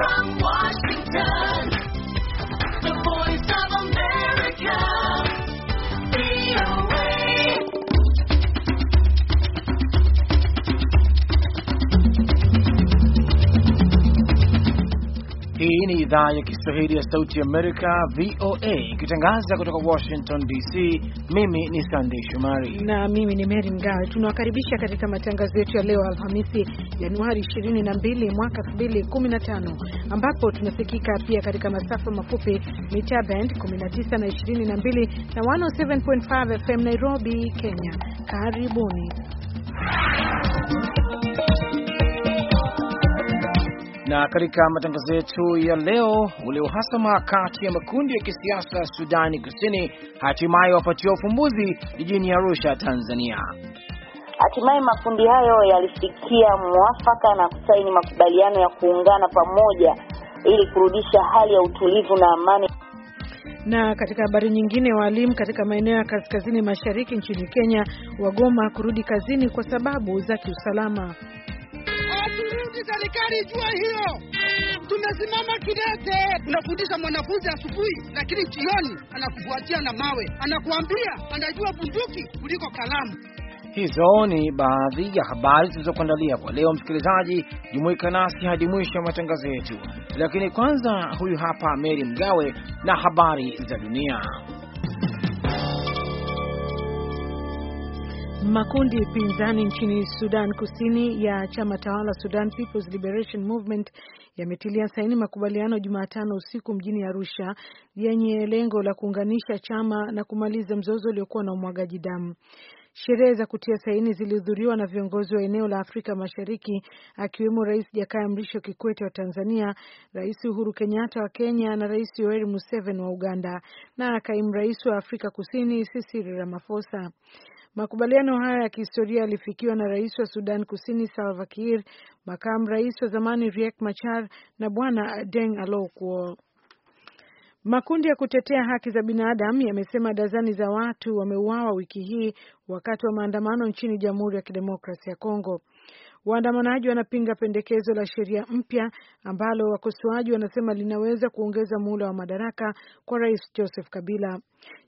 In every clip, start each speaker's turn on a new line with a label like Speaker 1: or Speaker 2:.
Speaker 1: 让我。
Speaker 2: idhaa ya Kiswahili ya Sauti ya Amerika, VOA, ikitangaza kutoka Washington DC. Mimi ni Sandey Shomari
Speaker 3: na mimi ni mery Mgawe. Tunawakaribisha katika matangazo yetu ya leo Alhamisi, Januari 22 mwaka 2015, ambapo tunasikika pia katika masafa mafupi mita band 19 na 22 na 107.5 FM Nairobi, Kenya. Karibuni.
Speaker 2: Na katika matangazo yetu ya leo, ule uhasama kati ya makundi ya kisiasa Sudani Kusini hatimaye wapatiwa ufumbuzi jijini Arusha, Tanzania.
Speaker 4: Hatimaye makundi hayo yalifikia mwafaka na kusaini makubaliano ya kuungana pamoja ili kurudisha hali ya utulivu na amani.
Speaker 3: Na katika habari nyingine, waalimu katika maeneo ya kaskazini mashariki nchini Kenya wagoma kurudi kazini kwa sababu za kiusalama.
Speaker 5: Basi serikali ijue hilo. Tumesimama kidete, tunafundisha mwanafunzi asubuhi, lakini jioni anakufuatia na mawe, anakuambia anajua bunduki kuliko kalamu.
Speaker 2: Hizo ni baadhi ya habari zilizokuandalia kwa leo. Msikilizaji, jumuika nasi hadi mwisho ya matangazo yetu, lakini kwanza, huyu hapa Meri Mgawe na habari za dunia.
Speaker 3: Makundi pinzani nchini Sudan Kusini ya chama tawala Sudan People's Liberation Movement yametilia saini makubaliano Jumatano usiku mjini Arusha yenye lengo la kuunganisha chama na kumaliza mzozo uliokuwa na umwagaji damu. Sherehe za kutia saini zilihudhuriwa na viongozi wa eneo la Afrika Mashariki akiwemo Rais Jakaya Mrisho Kikwete wa Tanzania, Rais Uhuru Kenyatta wa Kenya na Rais Yoweri Museveni wa Uganda na kaimu rais wa Afrika Kusini Cyril Ramaphosa. Makubaliano haya ya kihistoria yalifikiwa na rais wa Sudan Kusini Salva Kiir, makamu rais wa zamani Riek Machar na bwana Deng Alokuo. Makundi ya kutetea haki za binadamu yamesema dazani za watu wameuawa wiki hii wakati wa maandamano nchini Jamhuri ya Kidemokrasia ya Kongo. Waandamanaji wanapinga pendekezo la sheria mpya ambalo wakosoaji wanasema linaweza kuongeza muda wa madaraka kwa Rais Joseph Kabila.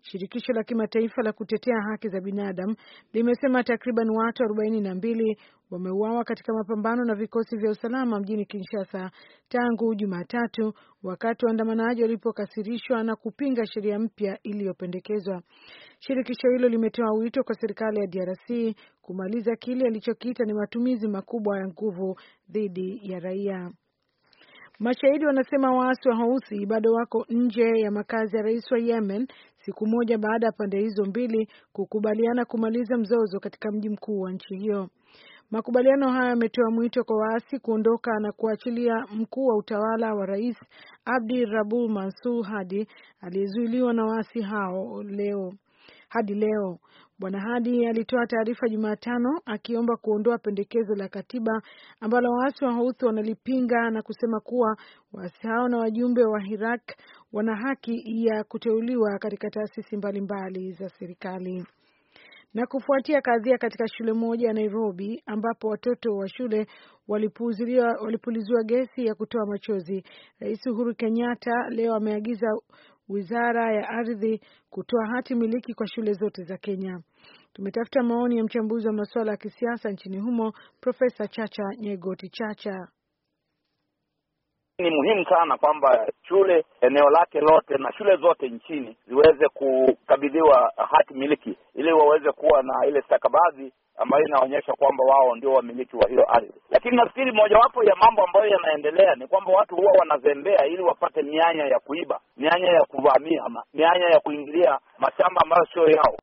Speaker 3: Shirikisho la kimataifa la kutetea haki za binadamu limesema takriban watu arobaini na mbili wameuawa katika mapambano na vikosi vya usalama mjini Kinshasa tangu Jumatatu, wakati waandamanaji walipokasirishwa na kupinga sheria mpya iliyopendekezwa. Shirikisho hilo limetoa wito kwa serikali ya DRC kumaliza kile alichokiita ni matumizi makubwa ya nguvu dhidi ya raia. Mashahidi wanasema waasi wa Houthi bado wako nje ya makazi ya rais wa Yemen siku moja baada ya pande hizo mbili kukubaliana kumaliza mzozo katika mji mkuu wa nchi hiyo. Makubaliano hayo yametoa mwito kwa waasi kuondoka na kuachilia mkuu wa utawala wa rais Abdi Rabu Mansur Hadi aliyezuiliwa na waasi hao leo hadi leo. Bwana Hadi alitoa taarifa Jumatano akiomba kuondoa pendekezo la katiba ambalo waasi wa Houthi wanalipinga na kusema kuwa waasi hao na wajumbe wa Iraq wana haki ya kuteuliwa katika taasisi mbalimbali za serikali. Na kufuatia kadhia katika shule moja ya Nairobi ambapo watoto wa shule walipuliziwa gesi ya kutoa machozi, Rais Uhuru Kenyatta leo ameagiza wizara ya ardhi kutoa hati miliki kwa shule zote za Kenya. Tumetafuta maoni ya mchambuzi wa masuala ya kisiasa nchini humo Profesa Chacha Nyegoti Chacha.
Speaker 1: Ni muhimu sana kwamba shule eneo lake lote na shule zote nchini ziweze kukabidhiwa hati miliki ili waweze kuwa na ile stakabadhi ambayo inaonyesha kwamba wao ndio wamiliki wa hiyo ardhi. Lakini nafikiri mojawapo ya mambo ambayo yanaendelea ni kwamba watu huwa wanazembea ili wapate mianya ya kuiba,
Speaker 3: mianya ya kuvamia,
Speaker 1: mianya ya kuingilia mashamba ambayo sio yao.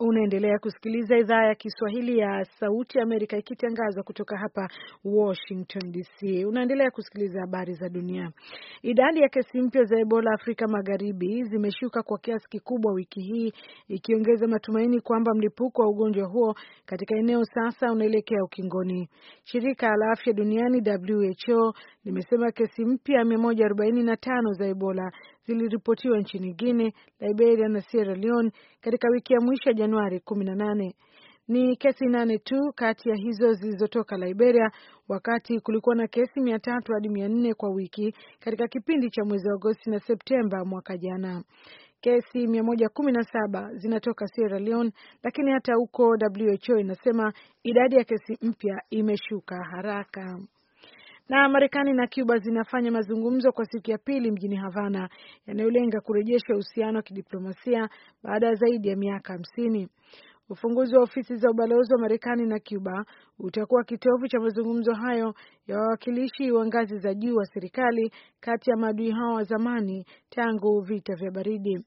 Speaker 3: Unaendelea kusikiliza idhaa ya Kiswahili ya Sauti Amerika ikitangazwa kutoka hapa Washington DC. Unaendelea kusikiliza habari za dunia. Idadi ya kesi mpya za Ebola Afrika Magharibi zimeshuka kwa kiasi kikubwa wiki hii, ikiongeza matumaini kwamba mlipuko wa ugonjwa huo katika eneo sasa unaelekea ukingoni. Shirika la Afya Duniani WHO limesema kesi mpya 145 za Ebola ziliripotiwa nchini Guinea, Liberia na Sierra Leone katika wiki ya mwisho ya Januari 18. Ni kesi nane tu kati ya hizo zilizotoka Liberia, wakati kulikuwa na kesi mia tatu hadi mia nne kwa wiki katika kipindi cha mwezi Agosti na Septemba mwaka jana. Kesi 117 zinatoka Sierra Leone, lakini hata huko WHO inasema idadi ya kesi mpya imeshuka haraka. Na Marekani na Cuba zinafanya mazungumzo kwa siku ya pili mjini Havana yanayolenga kurejesha uhusiano wa kidiplomasia baada ya zaidi ya miaka hamsini. Ufunguzi wa ofisi za ubalozi wa Marekani na Cuba utakuwa kitovu cha mazungumzo hayo ya wawakilishi wa ngazi za juu wa serikali kati ya maadui hao wa zamani tangu vita vya baridi.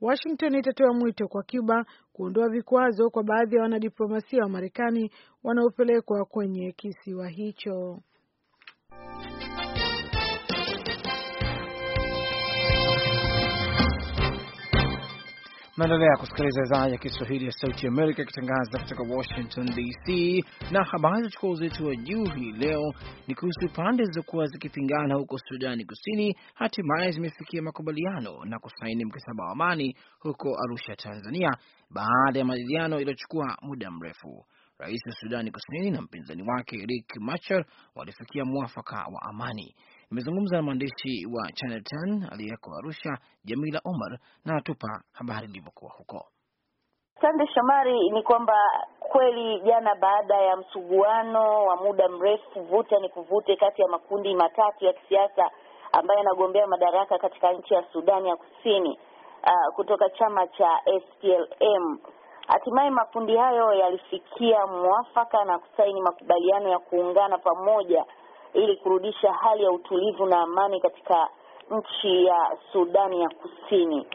Speaker 3: Washington itatoa mwito kwa Cuba kuondoa vikwazo kwa baadhi ya wanadiplomasia wa Marekani wanaopelekwa kwenye kisiwa hicho.
Speaker 2: Naendelea kusikiliza idhaa ya Kiswahili ya Sauti Amerika ikitangaza kutoka Washington DC, na habari zachukua uzito wa juu hii leo ni kuhusu pande zilizokuwa zikipingana huko Sudani Kusini hatimaye zimefikia makubaliano na kusaini mkataba wa amani huko Arusha, Tanzania, baada ya majadiliano yaliyochukua muda mrefu. Rais wa Sudani Kusini na mpinzani wake rik Machar walifikia mwafaka wa amani, imezungumza na mwandishi wa Channel 10 aliyeko Arusha, Jamila Omar, na atupa habari ilivyokuwa huko.
Speaker 4: Sande Shomari, ni kwamba kweli jana, baada ya msuguano wa muda mrefu, vuta ni kuvute kati ya makundi matatu ya kisiasa ambayo yanagombea madaraka katika nchi ya Sudani ya Kusini, uh, kutoka chama cha SPLM, hatimaye makundi hayo yalifikia mwafaka na kusaini makubaliano ya kuungana pamoja ili kurudisha hali ya utulivu na amani katika nchi ya Sudani ya Kusini.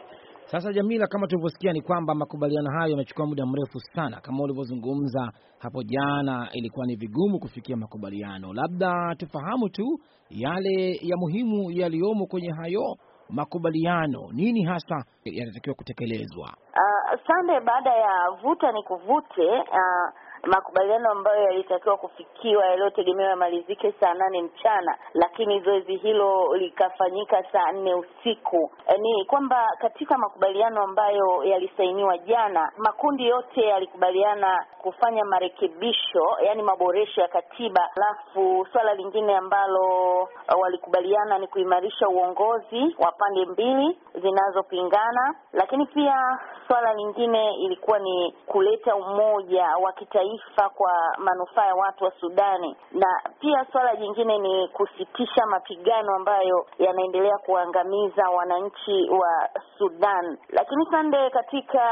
Speaker 2: Sasa Jamila, kama tulivyosikia ni kwamba makubaliano hayo yamechukua muda mrefu sana, kama ulivyozungumza hapo jana, ilikuwa ni vigumu kufikia makubaliano. Labda tufahamu tu yale ya muhimu yaliyomo kwenye hayo makubaliano, nini hasa yanatakiwa kutekelezwa?
Speaker 4: Uh, sande, baada ya vuta ni kuvute uh, makubaliano ambayo yalitakiwa kufikiwa yaliyotegemewa yamalizike saa nane mchana, lakini zoezi hilo likafanyika saa nne usiku. E, ni kwamba katika makubaliano ambayo yalisainiwa jana, makundi yote yalikubaliana kufanya marekebisho, yani maboresho ya katiba. Alafu swala lingine ambalo eh, walikubaliana ni kuimarisha uongozi wa pande mbili zinazopingana, lakini pia swala lingine ilikuwa ni kuleta umoja wa kitaifa taifa kwa manufaa ya watu wa Sudani, na pia suala jingine ni kusitisha mapigano ambayo yanaendelea kuangamiza wananchi wa Sudan. Lakini sande, katika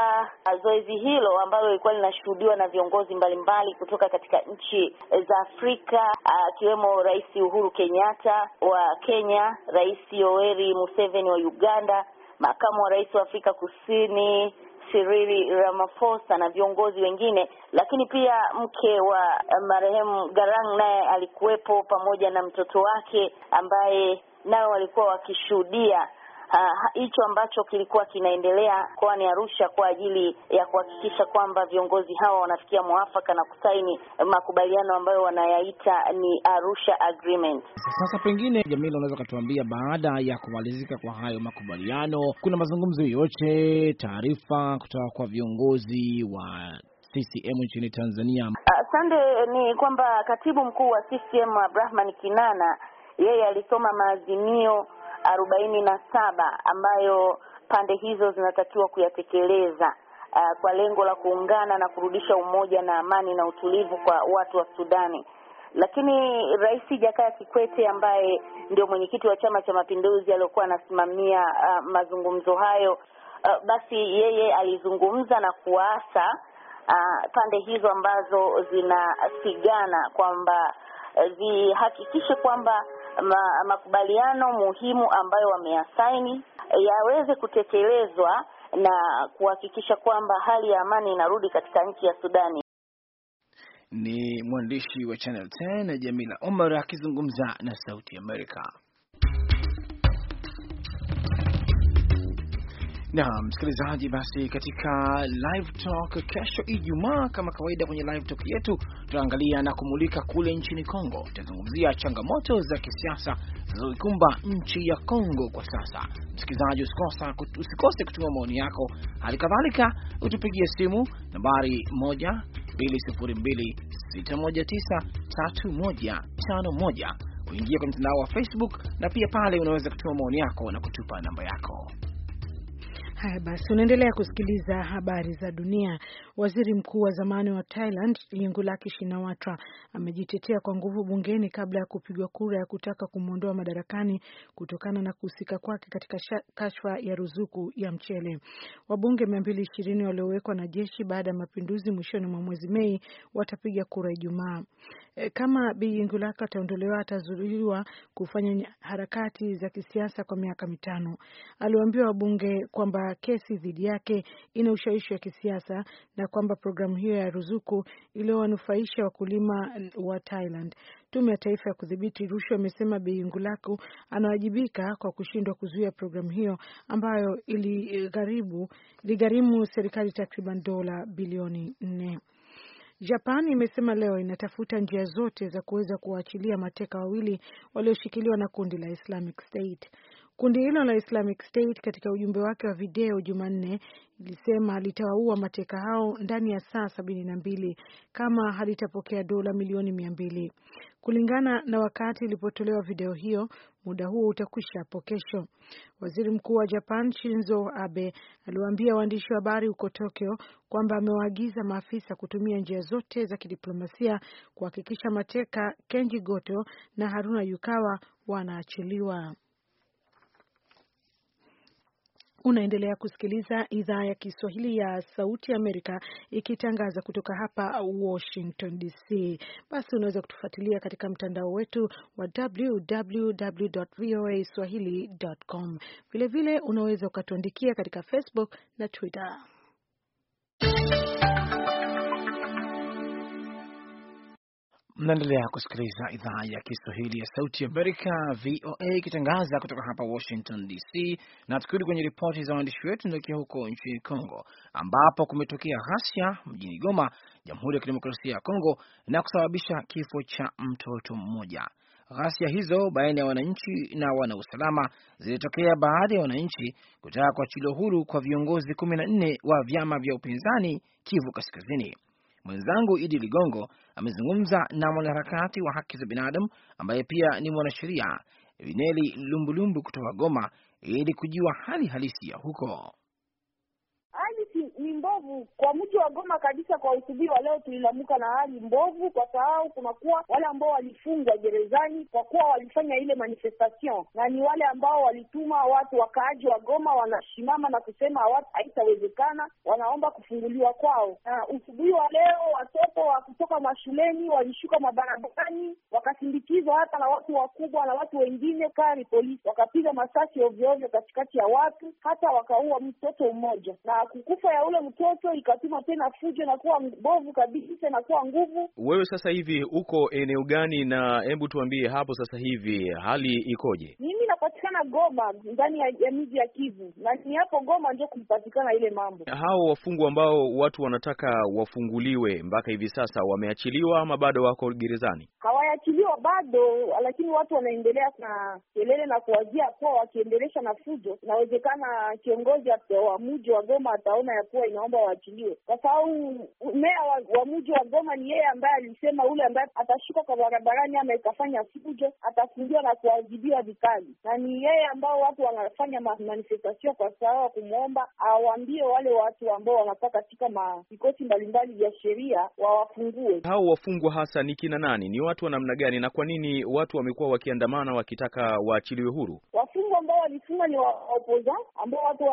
Speaker 4: zoezi hilo ambalo lilikuwa linashuhudiwa na viongozi mbalimbali kutoka katika nchi za Afrika akiwemo Rais Uhuru Kenyatta wa Kenya, Rais Yoweri Museveni wa Uganda, makamu wa rais wa Afrika Kusini Cyril Ramaphosa na viongozi wengine, lakini pia mke wa marehemu Garang naye alikuwepo pamoja na mtoto wake ambaye nao walikuwa wakishuhudia Ah, hicho uh, ambacho kilikuwa kinaendelea mkoani Arusha kwa ajili ya kuhakikisha kwamba viongozi hawa wanafikia mwafaka na kusaini makubaliano ambayo wanayaita ni Arusha Agreement.
Speaker 2: Sasa pengine, Jamila, unaweza ukatuambia baada ya kumalizika kwa hayo makubaliano, kuna mazungumzo yoyote, taarifa kutoka kwa viongozi wa CCM nchini Tanzania?
Speaker 4: Asante. Uh, ni kwamba katibu mkuu wa CCM Abdrahman Kinana yeye alisoma maazimio arobaini na saba ambayo pande hizo zinatakiwa kuyatekeleza uh, kwa lengo la kuungana na kurudisha umoja na amani na utulivu kwa watu wa Sudani. Lakini Rais Jakaya Kikwete ambaye ndio mwenyekiti wa Chama cha Mapinduzi aliyokuwa anasimamia uh, mazungumzo hayo uh, basi yeye alizungumza na kuasa uh, pande hizo ambazo zinapigana kwamba uh, zihakikishe kwamba ma, makubaliano muhimu ambayo wameyasaini yaweze kutekelezwa na kuhakikisha kwamba hali ya amani inarudi katika nchi ya Sudani.
Speaker 2: Ni mwandishi wa Channel 10 Jamila Omar akizungumza na Sauti Amerika. na msikilizaji, basi katika live talk kesho Ijumaa, kama kawaida, kwenye live talk yetu tutaangalia na kumulika kule nchini Kongo. Tutazungumzia changamoto za kisiasa zinazoikumba nchi ya Kongo kwa sasa. Msikilizaji, usikose kutuma maoni yako, hali kadhalika utupigie simu nambari 12026193151 uingie kwenye mtandao wa Facebook na pia pale unaweza kutuma maoni yako na kutupa namba yako.
Speaker 3: Haya basi, unaendelea kusikiliza habari za dunia. Waziri mkuu wa zamani wa Thailand Yingluck Shinawatra amejitetea kwa nguvu bungeni kabla ya kupigwa kura ya kutaka kumwondoa madarakani kutokana na kuhusika kwake katika kashfa ya ruzuku ya mchele. Wabunge mia mbili ishirini waliowekwa na jeshi baada ya mapinduzi mwishoni mwa mwezi Mei watapiga kura Ijumaa. Eh, kama Bi Yingluck ataondolewa, atazuiliwa kufanya harakati za kisiasa kwa miaka mitano. Aliwaambia wabunge kwamba kesi dhidi yake ina ushawishi wa kisiasa na kwamba programu hiyo ya ruzuku iliyowanufaisha wakulima mm, wa Thailand. Tume ya Taifa ya Kudhibiti Rushwa imesema bei Ngulaku anawajibika kwa kushindwa kuzuia programu hiyo ambayo iligharimu eh, iligharimu serikali takriban dola bilioni nne. Japan imesema leo inatafuta njia zote za kuweza kuwaachilia mateka wawili walioshikiliwa na kundi la Islamic State. Kundi hilo la Islamic State katika ujumbe wake wa video Jumanne ilisema litawaua mateka hao ndani ya saa sabini na mbili kama halitapokea dola milioni mia mbili kulingana na wakati ilipotolewa video hiyo. Muda huo utakwisha hapo kesho. Waziri Mkuu wa Japan Shinzo Abe aliwaambia waandishi wa habari huko Tokyo kwamba amewaagiza maafisa kutumia njia zote za kidiplomasia kuhakikisha mateka Kenji Goto na Haruna Yukawa wanaachiliwa. Unaendelea kusikiliza idhaa ya Kiswahili ya Sauti ya Amerika ikitangaza kutoka hapa Washington DC. Basi unaweza kutufuatilia katika mtandao wetu wa swahilicom Vilevile unaweza ukatuandikia katika Facebook na Twitter.
Speaker 2: Mnaendelea kusikiliza idhaa ya Kiswahili ya Sauti ya Amerika, VOA, ikitangaza kutoka hapa Washington DC. Na tukirudi kwenye ripoti za waandishi wetu, tunaelekea huko nchini Kongo ambapo kumetokea ghasia mjini Goma, Jamhuri ya Kidemokrasia ya Kongo, na kusababisha kifo cha mtoto mmoja. Ghasia hizo baina ya wananchi na wanausalama zilitokea baada ya wananchi kutaka kuachiliwa huru kwa viongozi kumi na nne wa vyama vya upinzani Kivu Kaskazini. Mwenzangu Idi Ligongo amezungumza na mwanaharakati wa haki za binadamu ambaye pia ni mwanasheria Vineli Lumbulumbu kutoka Goma ili kujua
Speaker 6: hali halisi ya huko
Speaker 5: ni mbovu kwa mji wa Goma kabisa. Kwa usubuhi wa leo tulilamuka na hali mbovu, kwa sababu kunakuwa wale ambao walifungwa gerezani kwa kuwa walifanya ile manifestation, na ni wale ambao walituma watu wakaaji wa Goma wanasimama na kusema watu haitawezekana, wanaomba kufunguliwa kwao. Na usubuhi wa leo watoto wa kutoka mashuleni walishuka mabarabarani, wakasindikizwa hata na watu wakubwa na watu wengine kari polisi, wakapiga masasi ovyoovyo katikati ya watu, hata wakaua mtoto mmoja na kukufa ya ule mtoto ikatuma tena fujo na kuwa mbovu kabisa na kuwa nguvu.
Speaker 7: Wewe sasa hivi uko eneo gani? Na hebu tuambie hapo sasa hivi hali ikoje?
Speaker 5: Mimi napata kupatikana Goma ndani ya, ya miji ya Kivu, na ni hapo Goma ndio kumpatikana ile mambo.
Speaker 7: Hao wafungwa ambao watu wanataka wafunguliwe mpaka hivi sasa wameachiliwa ama bado wako gerezani?
Speaker 5: Hawaachiliwa bado, lakini watu wanaendelea na kelele na kuwazia kuwa wakiendelesha na fujo, inawezekana kiongozi wa mji wa Goma ataona ya kuwa inaomba waachiliwe, kwa sababu meya wa, wa mji wa Goma ni yeye ambaye alisema ule ambaye atashuka kwa barabarani ama ikafanya fujo atafungiwa na kuadhibiwa vikali na ni yeye ambao watu wanafanya manifestation kwa sababu kumwomba awaambie wale watu ambao wanakuwa katika vikosi mbalimbali vya sheria wawafungue.
Speaker 7: Hao wafungwa hasa ni kina nani? Ni watu wa namna gani, na kwa nini watu wamekuwa wakiandamana wakitaka waachiliwe huru?
Speaker 5: Wafungwa ambao walifungwa ni waopoza ambao watu wanakuwa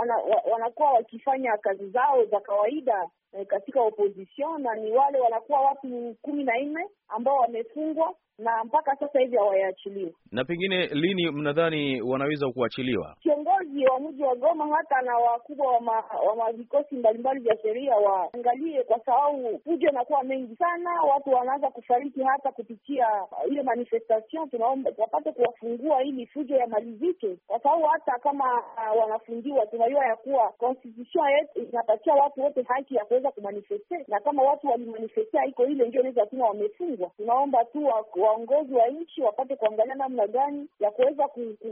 Speaker 5: wana, wana, wana wakifanya kazi zao za kawaida eh, katika opposition na ni wale wanakuwa watu kumi na nne ambao wamefungwa na mpaka sasa hivi hawayaachiliwi.
Speaker 7: Na pengine lini mnadhani wanaweza kuachiliwa?
Speaker 5: Kiongozi wa mji wa Goma hata na wakubwa wa, ma, wa mbalimbali vya sheria waangalie, kwa sababu fujo inakuwa mengi sana, watu wanaanza kufariki hata kupitia ile manifestation. Tunaomba wapate kuwafungua ili fujo yamalizike, kwa sababu hata kama uh, wanafungiwa, tunajua ya kuwa constitution yetu inapatia watu wote haki ya kuweza kumanifeste, na kama watu walimanifestea iko ile ndio inaweza tuma wamefungwa. Tunaomba tu waongozi wa nchi wapate kuangalia namna gani ya kuweza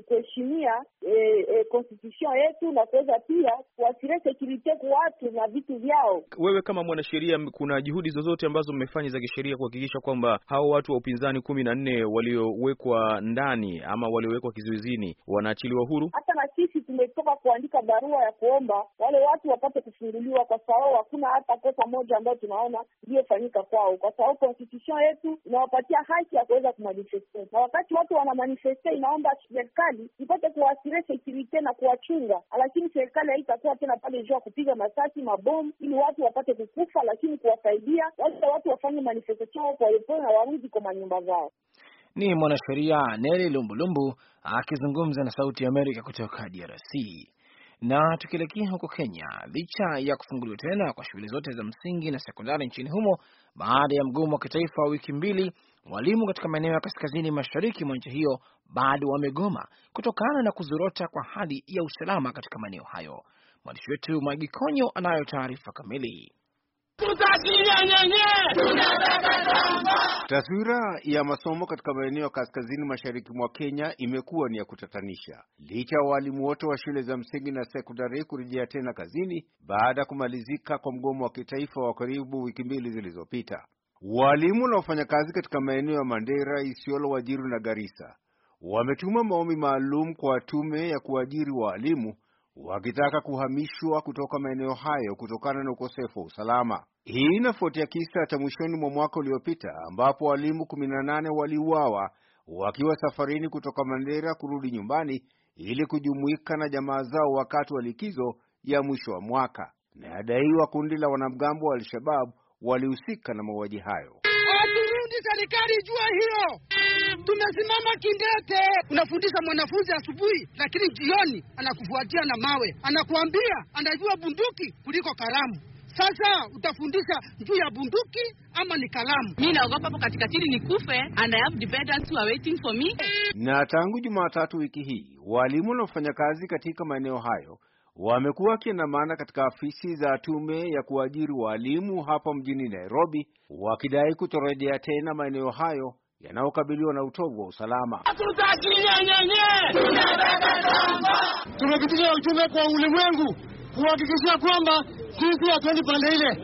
Speaker 5: kuheshimia e, e, constitution yetu na kuweza pia kuasiria sekurite kwa watu na vitu vyao.
Speaker 7: Wewe kama mwanasheria, kuna juhudi zozote ambazo mmefanya za kisheria kuhakikisha kwamba hao watu wa upinzani kumi na nne waliowekwa ndani ama waliowekwa kizuizini wanaachiliwa huru?
Speaker 5: Hata na sisi tumetoka kuandika barua ya kuomba wale watu wapate kufunguliwa, kwa sababu hakuna hata kosa moja ambayo tunaona iliyofanyika kwao, kwa sababu constitution yetu inawapatia haki ya kuweza kumanifeste, na wakati watu wanamanifeste, inaomba serikali ipate kuwaasire sekurite na kuwachunga, lakini serikali haitakuwa tena pale juu ya kupiga masasi mabomu ili watu wapate kukufa, lakini kuwasaidia wacha watu wafanye manifeste chao kwa upole na warudi kwa manyumba zao.
Speaker 2: Ni mwanasheria Neli Lumbulumbu akizungumza na Sauti ya Amerika kutoka DRC. Na tukielekea huko Kenya, licha ya kufunguliwa tena kwa shughuli zote za msingi na sekondari nchini humo baada ya mgomo wa kitaifa wa wiki mbili Walimu katika maeneo ya kaskazini mashariki mwa nchi hiyo bado wamegoma kutokana na kuzorota kwa hali ya usalama katika maeneo hayo. Mwandishi wetu Mwangi Konyo anayo taarifa kamili.
Speaker 6: Taswira ya masomo katika maeneo ya kaskazini mashariki mwa Kenya imekuwa ni ya kutatanisha, licha ya walimu wote wa shule za msingi na sekondari kurejea tena kazini baada ya kumalizika kwa mgomo wa kitaifa wa karibu wiki mbili zilizopita. Walimu na wafanyakazi katika maeneo ya Mandera, Isiolo, Wajiru na Garissa wametuma maombi maalum kwa tume ya kuajiri waalimu wakitaka kuhamishwa kutoka maeneo hayo kutokana na ukosefu wa usalama. Hii inafuatia kisa cha mwishoni mwa mwaka uliopita ambapo walimu 18 waliuawa wakiwa safarini kutoka Mandera kurudi nyumbani ili kujumuika na jamaa zao wakati wa likizo ya mwisho wa mwaka. Na yadaiwa kundi la wanamgambo wa al shababu walihusika na mauaji hayo.
Speaker 5: Haturundi, serikali jua hiyo. Tumesimama kindete. Unafundisha mwanafunzi asubuhi, lakini jioni anakufuatia na mawe, anakuambia anajua bunduki kuliko kalamu. Sasa utafundisha juu ya bunduki ama ni kalamu? Mi naogopa hapo katikati ni kufe, and I have who are waiting for me.
Speaker 6: Na tangu Jumatatu wiki hii, walimu na wafanyakazi katika maeneo hayo wamekuwa maana katika afisi za tume ya kuajiri waalimu hapa mjini Nairobi, wakidai kutorejea tena maeneo hayo yanayokabiliwa na utovu wa usalama.
Speaker 1: Hatutaki nyenyenye, ujumbe kwa ulimwengu kuhakikishia kwamba sisi hatuendi pande ile.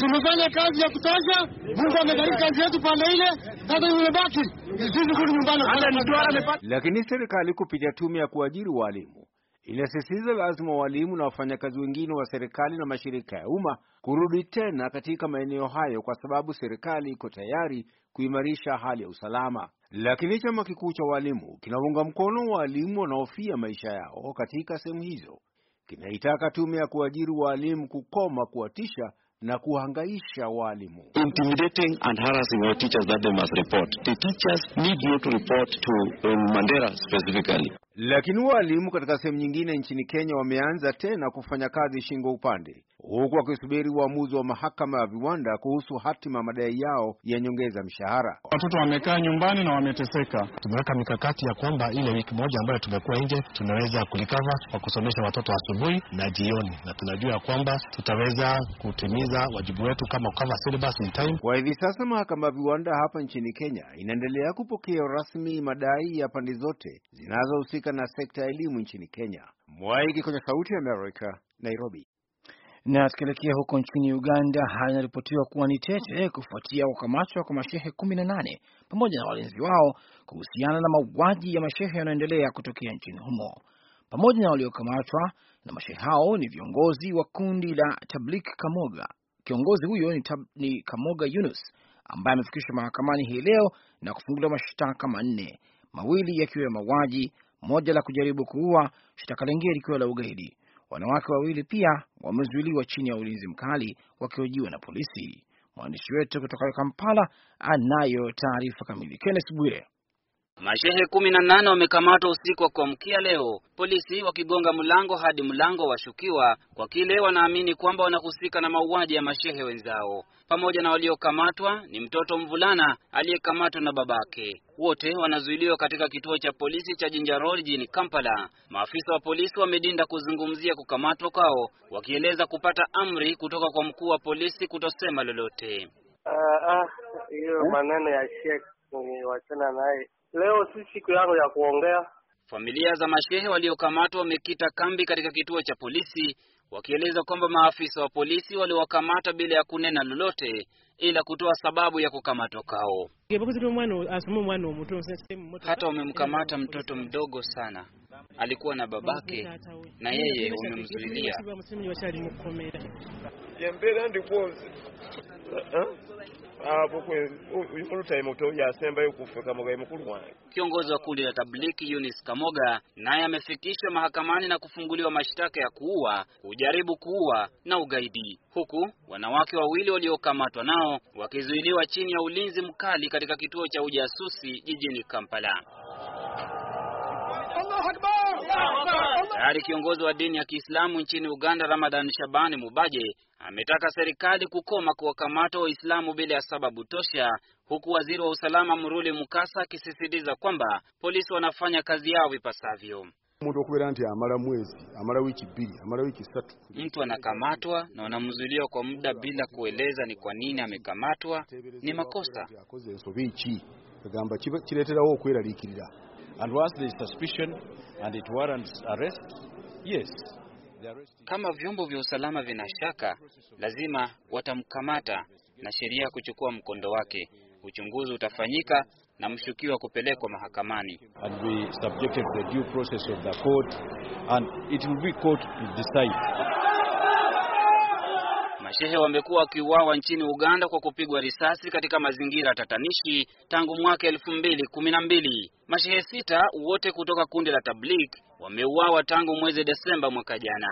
Speaker 1: Tumefanya kazi ya kutosha, Mungu amebariki kazi yetu pande ile, sasa imebaki sisi kurudi nyumbani.
Speaker 6: Lakini serikali kupitia tume ya kuajiri waalimu inasisitiza lazima walimu na wafanyakazi wengine wa serikali na mashirika ya umma kurudi tena katika maeneo hayo kwa sababu serikali iko tayari kuimarisha hali ya usalama. Lakini chama kikuu cha walimu kinaunga mkono walimu wanaofia maisha yao katika sehemu hizo. Kinaitaka tume ya kuajiri walimu kukoma kuwatisha na kuhangaisha walimu. Intimidating and harassing our teachers that they must report. The teachers need you to report to um, Mandera specifically. Lakini walimu katika sehemu nyingine nchini Kenya wameanza tena kufanya kazi shingo upande huku wakisubiri uamuzi wa mahakama ya viwanda kuhusu hatima madai yao ya nyongeza mshahara.
Speaker 1: Watoto wamekaa nyumbani
Speaker 7: na wameteseka. Tumeweka mikakati ya kwamba ile wiki moja ambayo tumekuwa nje tunaweza kulikava kwa kusomesha watoto asubuhi na jioni, na tunajua kwamba tutaweza kutimiza wajibu wetu kama syllabus in time.
Speaker 6: Kwa hivi sasa mahakama ya viwanda hapa nchini Kenya inaendelea kupokea rasmi madai ya pande zote zinazohusika na sekta ya elimu nchini Kenya. Mwaiki kwenye Sauti ya Amerika, Nairobi.
Speaker 2: Na tukielekea huko nchini Uganda, hali inaripotiwa kuwa ni tete kufuatia kukamatwa kwa mashehe kumi na nane pamoja na walinzi wao kuhusiana na mauaji ya mashehe yanayoendelea kutokea nchini humo. Pamoja na waliokamatwa na mashehe hao ni viongozi wa kundi la Tablik Kamoga. Kiongozi huyo ni, tab, ni Kamoga Yunus ambaye amefikishwa mahakamani hii leo na kufunguliwa mashtaka manne, mawili yakiwa ya mauaji, moja la kujaribu kuua, shtaka lingine likiwa la ugaidi. Wanawake wawili pia wamezuiliwa chini ya ulinzi mkali wakihojiwa na polisi. Mwandishi wetu kutoka Kampala anayo taarifa kamili. Kenneth
Speaker 1: Bwire
Speaker 8: Mashehe kumi na nane wamekamatwa usiku wa kuamkia leo, polisi wakigonga mlango hadi mlango washukiwa kwa kile wanaamini kwamba wanahusika na mauaji ya mashehe wenzao. Pamoja na waliokamatwa ni mtoto mvulana aliyekamatwa na babake. Wote wanazuiliwa katika kituo cha polisi cha Jinja Road jijini Kampala. Maafisa wa polisi wamedinda kuzungumzia kukamatwa kwao, wakieleza kupata amri kutoka kwa mkuu wa polisi kutosema lolote.
Speaker 1: Ah, ah, hiyo uh, uh, maneno ya shehe wachana naye Leo si siku yako ya kuongea.
Speaker 8: Familia za mashehe waliokamatwa wamekita kambi katika kituo cha polisi wakieleza kwamba maafisa wa polisi waliwakamata bila ya kunena lolote ila kutoa sababu ya kukamatwa kao.
Speaker 7: Hata wamemkamata
Speaker 8: mtoto mdogo sana, alikuwa na babake na yeye wamemzuilia. Kiongozi wa kundi la tabliki Yunis Kamoga naye amefikishwa mahakamani na kufunguliwa mashtaka ya kuua, kujaribu kuua na ugaidi, huku wanawake wawili waliokamatwa nao wakizuiliwa chini ya ulinzi mkali katika kituo cha ujasusi jijini Kampala. Tayari kiongozi wa dini ya Kiislamu nchini Uganda, Ramadan Shabani Mubaje, ametaka serikali kukoma kuwakamata Waislamu bila ya sababu tosha, huku waziri wa usalama Muruli Mukasa akisisitiza kwamba polisi wanafanya kazi yao ipasavyo. Mtu anakamatwa na wanamzuiliwa kwa muda bila kueleza ni kwa nini amekamatwa, ni makosa
Speaker 6: And once there is suspicion and it warrants arrest,
Speaker 8: yes. Kama vyombo vya usalama vina shaka, lazima watamkamata na sheria kuchukua mkondo wake. Uchunguzi utafanyika na mshukiwa kupelekwa mahakamani.
Speaker 6: And we subjected the due process of the court and it will be court to decide.
Speaker 8: Mashehe wamekuwa wakiuawa nchini Uganda kwa kupigwa risasi katika mazingira tatanishi tangu mwaka elfu mbili kumi na mbili. Mashehe sita wote kutoka kundi la Tabligh wameuawa tangu mwezi Desemba mwaka jana.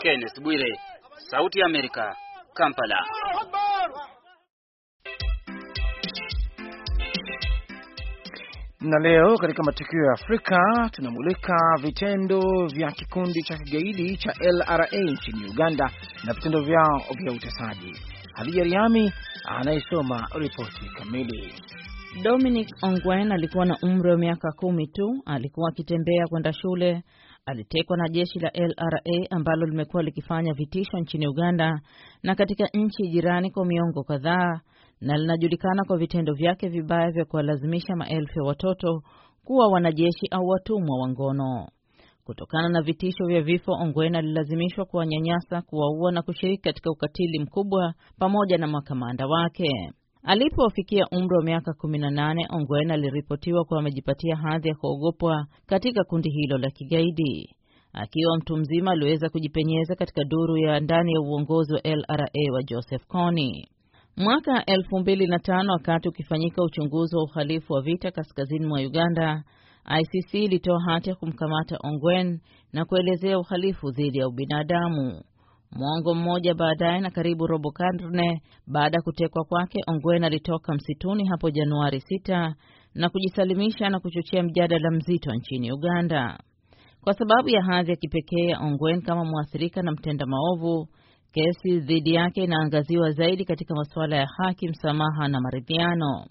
Speaker 8: Kenneth Bwire, Sauti ya Amerika, Kampala.
Speaker 2: Na leo katika matukio ya Afrika tunamulika vitendo vya kikundi cha kigaidi cha LRA nchini Uganda na vitendo vyao vya utesaji. Hadija Riami anayesoma ripoti kamili.
Speaker 9: Dominic Ongwen alikuwa na umri wa miaka kumi tu, alikuwa akitembea kwenda shule. Alitekwa na jeshi la LRA ambalo limekuwa likifanya vitisho nchini Uganda na katika nchi jirani kwa miongo kadhaa na linajulikana kwa vitendo vyake vibaya vya kuwalazimisha maelfu ya watoto kuwa wanajeshi au watumwa wa ngono. Kutokana na vitisho vya vifo, Ongwen alilazimishwa kuwanyanyasa, kuwaua na kushiriki katika ukatili mkubwa pamoja na makamanda wake. Alipofikia umri wa miaka 18, Ongwen aliripotiwa kuwa amejipatia hadhi ya kuogopwa katika kundi hilo la kigaidi. Akiwa mtu mzima, aliweza kujipenyeza katika duru ya ndani ya uongozi wa LRA wa Joseph Kony. Mwaka 2005 wakati ukifanyika uchunguzi wa uhalifu wa vita kaskazini mwa Uganda, ICC ilitoa hati ya kumkamata Ongwen na kuelezea uhalifu dhidi ya ubinadamu. Mwongo mmoja baadaye na karibu robo karne baada ya kutekwa kwake, Ongwen alitoka msituni hapo Januari 6 na kujisalimisha na kuchochea mjadala mzito nchini Uganda. Kwa sababu ya hadhi ya kipekee ya Ongwen kama mwathirika na mtenda maovu, Kesi dhidi yake inaangaziwa zaidi katika masuala ya haki, msamaha na maridhiano.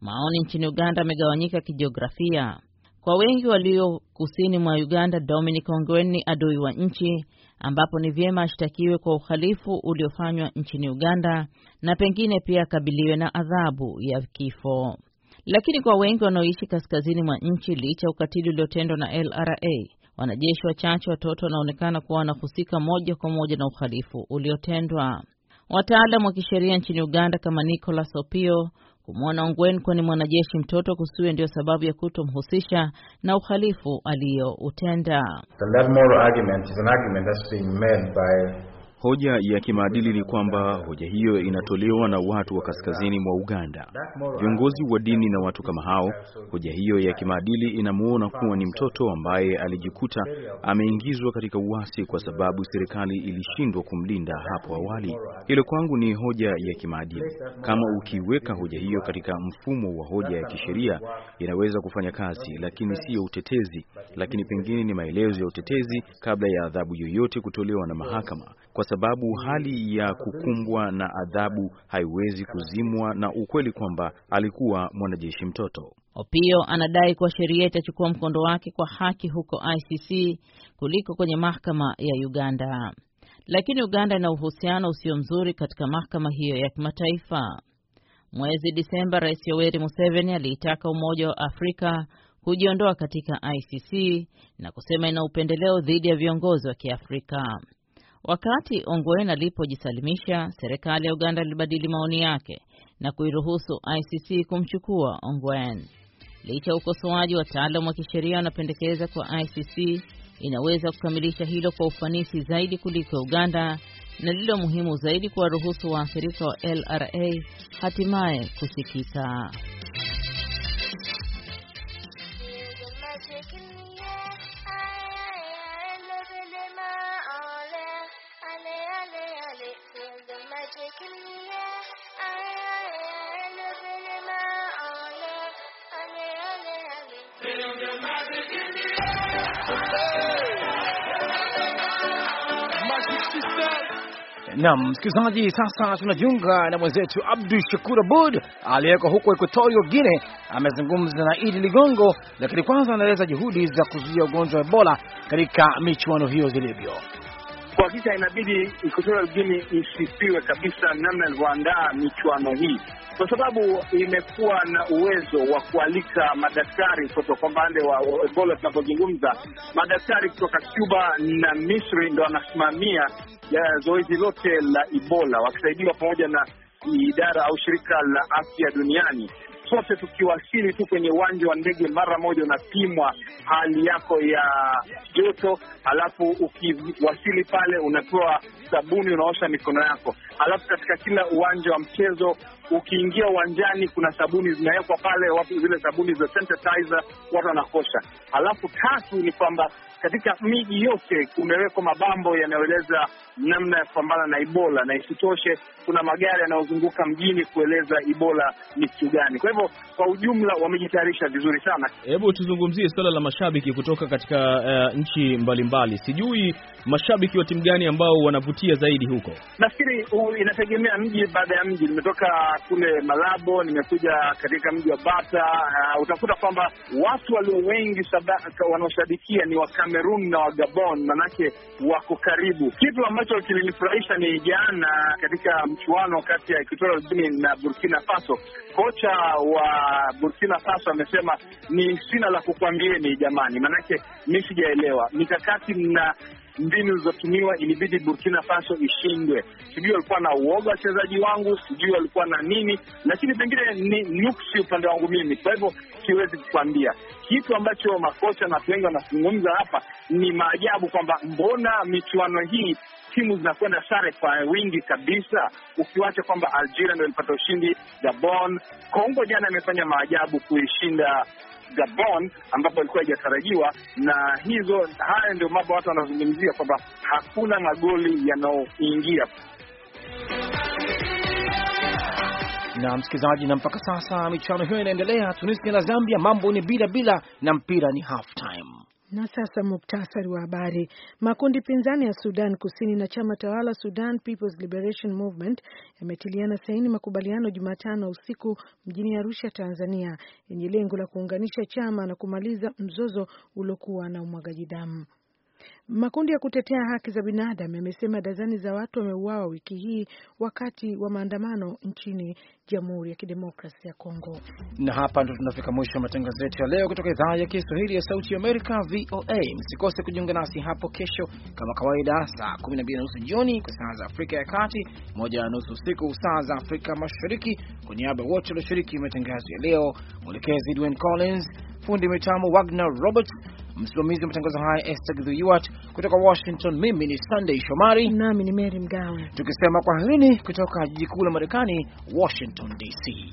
Speaker 9: Maoni nchini Uganda amegawanyika kijiografia. Kwa wengi walio kusini mwa Uganda, Dominic Ongwen ni adui wa nchi, ambapo ni vyema ashtakiwe kwa uhalifu uliofanywa nchini Uganda na pengine pia akabiliwe na adhabu ya kifo. Lakini kwa wengi wanaoishi kaskazini mwa nchi, licha ya ukatili uliotendwa na LRA, Wanajeshi wachache watoto wanaonekana kuwa wanahusika moja kwa moja na uhalifu uliotendwa. Wataalam wa kisheria nchini Uganda kama Nicolas Opio kumwona Ongwen kuwa ni mwanajeshi mtoto kusiwe ndiyo sababu ya kutomhusisha na uhalifu aliyoutenda.
Speaker 7: Hoja ya kimaadili ni kwamba hoja hiyo inatolewa na watu wa kaskazini mwa Uganda, viongozi wa dini na watu kama hao. Hoja hiyo ya kimaadili inamuona kuwa ni mtoto ambaye alijikuta ameingizwa katika uasi kwa sababu serikali ilishindwa kumlinda hapo awali. Hilo kwangu ni hoja ya kimaadili. Kama ukiweka hoja hiyo katika mfumo wa hoja ya kisheria, inaweza kufanya kazi, lakini siyo utetezi, lakini pengine ni maelezo ya utetezi kabla ya adhabu yoyote kutolewa na mahakama kwa sababu hali ya kukumbwa na adhabu haiwezi kuzimwa na ukweli kwamba alikuwa mwanajeshi mtoto.
Speaker 9: Opio anadai kuwa sheria itachukua mkondo wake kwa haki huko ICC kuliko kwenye mahakama ya Uganda, lakini Uganda ina uhusiano usio mzuri katika mahakama hiyo ya kimataifa. Mwezi Disemba, Rais Yoweri Museveni aliitaka Umoja wa Afrika kujiondoa katika ICC na kusema ina upendeleo dhidi ya viongozi wa Kiafrika. Wakati Ongwen alipojisalimisha, serikali ya Uganda ilibadili maoni yake na kuiruhusu ICC kumchukua Ongwen. Licha ya ukosoaji, wataalamu wa kisheria wanapendekeza kwa ICC inaweza kukamilisha hilo kwa ufanisi zaidi kuliko Uganda, na lilo muhimu zaidi kuwaruhusu waathirika wa LRA hatimaye kusikika.
Speaker 2: Naam msikilizaji, sasa tunajiunga na mwenzetu Abdu Shakur Abud aliyeko huko Equatorio Guine. Amezungumza na Idi Ligongo, lakini kwanza anaeleza juhudi za kuzuia ugonjwa wa Ebola katika michuano hiyo zilivyo.
Speaker 1: Kwa hakika inabidi Equatorio Guine isifiwe kabisa namna alivyoandaa michuano hii kwa sababu imekuwa na uwezo wa kualika madaktari kutoka kwa upande wa Ebola. Tunapozungumza madaktari kutoka Cuba na Misri ndo wanasimamia eh, zoezi lote la Ebola, wakisaidiwa pamoja na idara au shirika la afya duniani. Sote tukiwasili tu kwenye uwanja wa ndege, mara moja unapimwa hali yako ya joto, alafu ukiwasili pale unapewa sabuni unaosha mikono yako. Alafu katika kila uwanja wa mchezo, ukiingia uwanjani, kuna sabuni zinawekwa pale, watu zile sabuni za sanitizer, watu wanakosha. Alafu tatu ni kwamba katika miji yote kumewekwa mabambo yanayoeleza namna ya kupambana na Ebola, na isitoshe kuna magari yanayozunguka mjini kueleza Ebola ni kitu gani. Kwa hivyo kwa ujumla wamejitayarisha vizuri sana.
Speaker 7: Hebu tuzungumzie suala la mashabiki kutoka katika uh, nchi mbalimbali. Sijui mashabiki wa timu gani ambao wanavutia zaidi huko?
Speaker 1: Nafikiri uh, inategemea mji baada ya mji. Nimetoka kule Malabo, nimekuja katika mji wa Bata. Uh, utakuta kwamba watu walio wengi wanaoshabikia ni wa Kamerun na wa Gabon, manake wako karibu kitu ambacho kilinifurahisha ni jana katika mchuano kati ya Equatorial Guinea na Burkina Faso, kocha wa Burkina Faso amesema ni sina la kukwambieni jamani, maanake mi sijaelewa mikakati na mbinu zilizotumiwa ilibidi Burkina Faso ishindwe. Sijui walikuwa na uoga wachezaji wangu, sijui walikuwa na nini, lakini pengine ni nuksi upande wangu mimi, kwa hivyo siwezi kukwambia kitu ambacho makocha na Pengo wanazungumza hapa ni maajabu, kwamba mbona michuano hii timu zinakwenda sare kwa wingi kabisa, ukiwacha kwamba Algeria ndio ilipata ushindi Gabon. Kongo jana imefanya maajabu kuishinda Gabon ambapo ilikuwa haijatarajiwa, na hizo haya ndio mambo watu wanazungumzia kwamba hakuna magoli yanayoingia.
Speaker 2: na msikilizaji, na mpaka sasa michuano hiyo inaendelea. Tunisia na Zambia, mambo ni bila bila na mpira ni half
Speaker 1: time.
Speaker 3: Na sasa muktasari wa habari. Makundi pinzani ya Sudan Kusini na chama tawala Sudan People's Liberation Movement yametiliana saini makubaliano Jumatano usiku mjini Arusha, Tanzania, yenye lengo la kuunganisha chama na kumaliza mzozo uliokuwa na umwagaji damu. Makundi ya kutetea haki za binadamu yamesema dazani za watu wameuawa wiki hii wakati wa maandamano nchini Jamhuri ya Kidemokrasia ya Kongo.
Speaker 2: Na hapa ndo tunafika mwisho wa matangazo yetu ya leo kutoka idhaa ya Kiswahili ya Sauti ya Amerika, VOA. Msikose kujiunga nasi hapo kesho kama kawaida, saa 12:30 jioni kwa saa za Afrika ya Kati, 1:30 usiku saa za Afrika Mashariki. Kwa niaba wote walioshiriki matangazo ya leo, mwelekezi Edwin Collins, fundi mitambo Wagner Roberts Msimamizi wa matangazo haya Esther Githuiwat kutoka Washington. Mimi ni Sunday Shomari nami ni
Speaker 3: Mary Mgawe,
Speaker 2: tukisema kwaherini kutoka jiji kuu la Marekani, Washington DC.